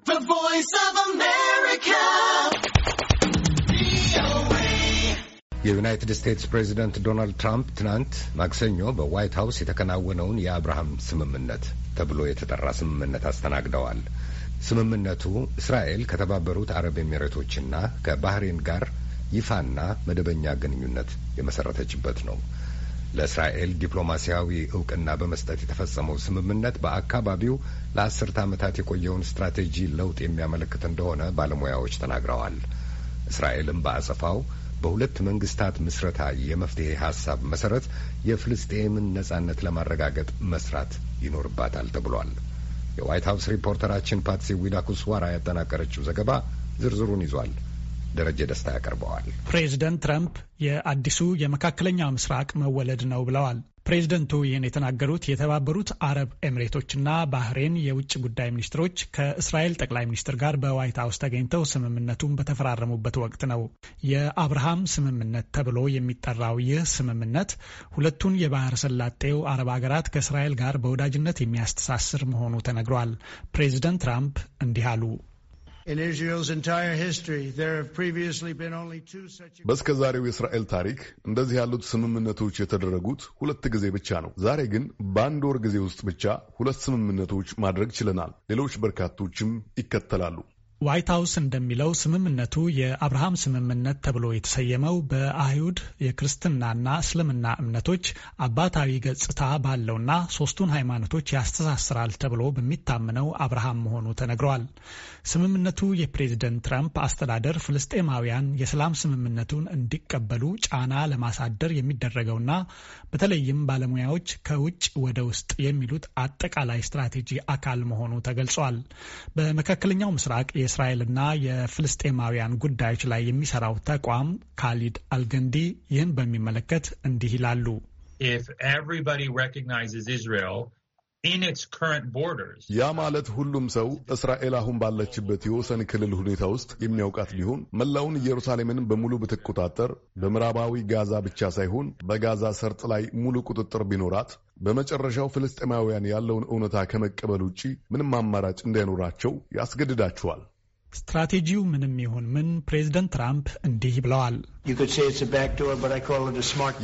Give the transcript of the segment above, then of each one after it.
The Voice of America. የዩናይትድ ስቴትስ ፕሬዚደንት ዶናልድ ትራምፕ ትናንት ማክሰኞ በዋይት ሀውስ የተከናወነውን የአብርሃም ስምምነት ተብሎ የተጠራ ስምምነት አስተናግደዋል። ስምምነቱ እስራኤል ከተባበሩት አረብ ኤሚሬቶችና ከባህሬን ጋር ይፋና መደበኛ ግንኙነት የመሰረተችበት ነው። ለእስራኤል ዲፕሎማሲያዊ እውቅና በመስጠት የተፈጸመው ስምምነት በአካባቢው ለአስርተ ዓመታት የቆየውን ስትራቴጂ ለውጥ የሚያመለክት እንደሆነ ባለሙያዎች ተናግረዋል። እስራኤልም በአጸፋው በሁለት መንግስታት ምስረታ የመፍትሄ ሀሳብ መሰረት የፍልስጤምን ነጻነት ለማረጋገጥ መስራት ይኖርባታል ተብሏል። የዋይት ሀውስ ሪፖርተራችን ፓትሲ ዋራ ያጠናቀረችው ዘገባ ዝርዝሩን ይዟል። ደረጀ ደስታ ያቀርበዋል። ፕሬዚደንት ትራምፕ የአዲሱ የመካከለኛው ምስራቅ መወለድ ነው ብለዋል። ፕሬዝደንቱ ይህን የተናገሩት የተባበሩት አረብ ኤምሬቶችና ባህሬን የውጭ ጉዳይ ሚኒስትሮች ከእስራኤል ጠቅላይ ሚኒስትር ጋር በዋይት ሀውስ ተገኝተው ስምምነቱን በተፈራረሙበት ወቅት ነው። የአብርሃም ስምምነት ተብሎ የሚጠራው ይህ ስምምነት ሁለቱን የባህር ሰላጤው አረብ ሀገራት ከእስራኤል ጋር በወዳጅነት የሚያስተሳስር መሆኑ ተነግሯል። ፕሬዝደንት ትራምፕ እንዲህ አሉ። በስከ ዛሬው የእስራኤል ታሪክ እንደዚህ ያሉት ስምምነቶች የተደረጉት ሁለት ጊዜ ብቻ ነው። ዛሬ ግን በአንድ ወር ጊዜ ውስጥ ብቻ ሁለት ስምምነቶች ማድረግ ችለናል። ሌሎች በርካቶችም ይከተላሉ። ዋይት ሀውስ እንደሚለው ስምምነቱ የአብርሃም ስምምነት ተብሎ የተሰየመው በአይሁድ የክርስትናና እስልምና እምነቶች አባታዊ ገጽታ ባለውና ሶስቱን ሃይማኖቶች ያስተሳስራል ተብሎ በሚታመነው አብርሃም መሆኑ ተነግሯል። ስምምነቱ የፕሬዝደንት ትራምፕ አስተዳደር ፍልስጤማውያን የሰላም ስምምነቱን እንዲቀበሉ ጫና ለማሳደር የሚደረገውና በተለይም ባለሙያዎች ከውጭ ወደ ውስጥ የሚሉት አጠቃላይ ስትራቴጂ አካል መሆኑ ተገልጿል። በመካከለኛው ምስራቅ የእስራኤልና የፍልስጤማውያን ጉዳዮች ላይ የሚሰራው ተቋም ካሊድ አልገንዲ ይህን በሚመለከት እንዲህ ይላሉ። ያ ማለት ሁሉም ሰው እስራኤል አሁን ባለችበት የወሰን ክልል ሁኔታ ውስጥ የሚያውቃት ቢሆን መላውን ኢየሩሳሌምን በሙሉ ብትቆጣጠር፣ በምዕራባዊ ጋዛ ብቻ ሳይሆን በጋዛ ሰርጥ ላይ ሙሉ ቁጥጥር ቢኖራት፣ በመጨረሻው ፍልስጤማውያን ያለውን እውነታ ከመቀበል ውጪ ምንም አማራጭ እንዳይኖራቸው ያስገድዳቸዋል ስትራቴጂው ምንም ይሁን ምን ፕሬዝደንት ትራምፕ እንዲህ ብለዋል።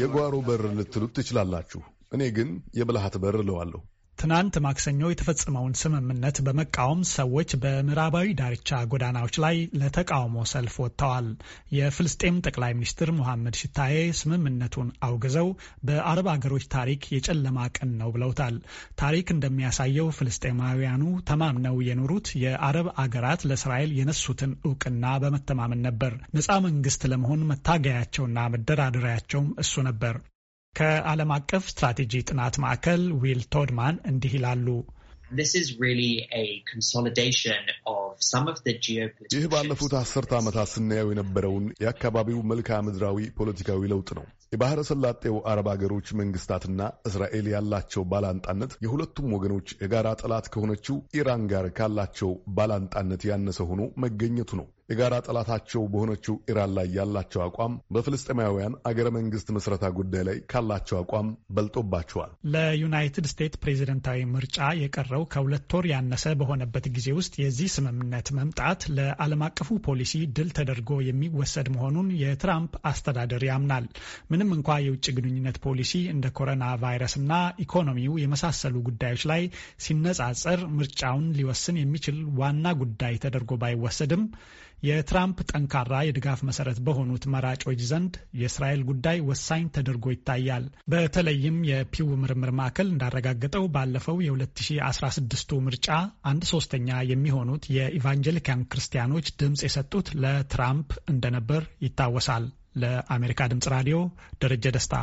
የጓሮ በር ልትሉት ትችላላችሁ፣ እኔ ግን የብልሃት በር እለዋለሁ። ትናንት ማክሰኞ የተፈጸመውን ስምምነት በመቃወም ሰዎች በምዕራባዊ ዳርቻ ጎዳናዎች ላይ ለተቃውሞ ሰልፍ ወጥተዋል። የፍልስጤም ጠቅላይ ሚኒስትር ሙሐመድ ሽታዬ ስምምነቱን አውግዘው በአረብ አገሮች ታሪክ የጨለማ ቀን ነው ብለውታል። ታሪክ እንደሚያሳየው ፍልስጤማውያኑ ተማምነው የኖሩት የአረብ አገራት ለእስራኤል የነሱትን እውቅና በመተማመን ነበር። ነፃ መንግስት ለመሆን መታገያቸውና መደራደሪያቸውም እሱ ነበር። ከዓለም አቀፍ ስትራቴጂ ጥናት ማዕከል ዊል ቶድማን እንዲህ ይላሉ። ይህ ባለፉት አስርተ ዓመታት ስናየው የነበረውን የአካባቢው መልክዓ ምድራዊ ፖለቲካዊ ለውጥ ነው። የባህረ ሰላጤው አረብ አገሮች መንግስታትና እስራኤል ያላቸው ባላንጣነት የሁለቱም ወገኖች የጋራ ጠላት ከሆነችው ኢራን ጋር ካላቸው ባላንጣነት ያነሰ ሆኖ መገኘቱ ነው። የጋራ ጠላታቸው በሆነችው ኢራን ላይ ያላቸው አቋም በፍልስጤማውያን አገረ መንግስት መስረታ ጉዳይ ላይ ካላቸው አቋም በልጦባቸዋል። ለዩናይትድ ስቴትስ ፕሬዝደንታዊ ምርጫ የቀረው ከሁለት ወር ያነሰ በሆነበት ጊዜ ውስጥ የዚህ ስምምነት መምጣት ለዓለም አቀፉ ፖሊሲ ድል ተደርጎ የሚወሰድ መሆኑን የትራምፕ አስተዳደር ያምናል። ምንም እንኳ የውጭ ግንኙነት ፖሊሲ እንደ ኮሮና እና ኢኮኖሚው የመሳሰሉ ጉዳዮች ላይ ሲነጻጸር ምርጫውን ሊወስን የሚችል ዋና ጉዳይ ተደርጎ ባይወሰድም የትራምፕ ጠንካራ የድጋፍ መሰረት በሆኑት መራጮች ዘንድ የእስራኤል ጉዳይ ወሳኝ ተደርጎ ይታያል። በተለይም የፒው ምርምር ማዕከል እንዳረጋገጠው ባለፈው የ2016ቱ ምርጫ አንድ ሶስተኛ የሚሆኑት የኢቫንጀሊካን ክርስቲያኖች ድምፅ የሰጡት ለትራምፕ እንደነበር ይታወሳል። ለአሜሪካ ድምፅ ራዲዮ ደረጀ ደስታ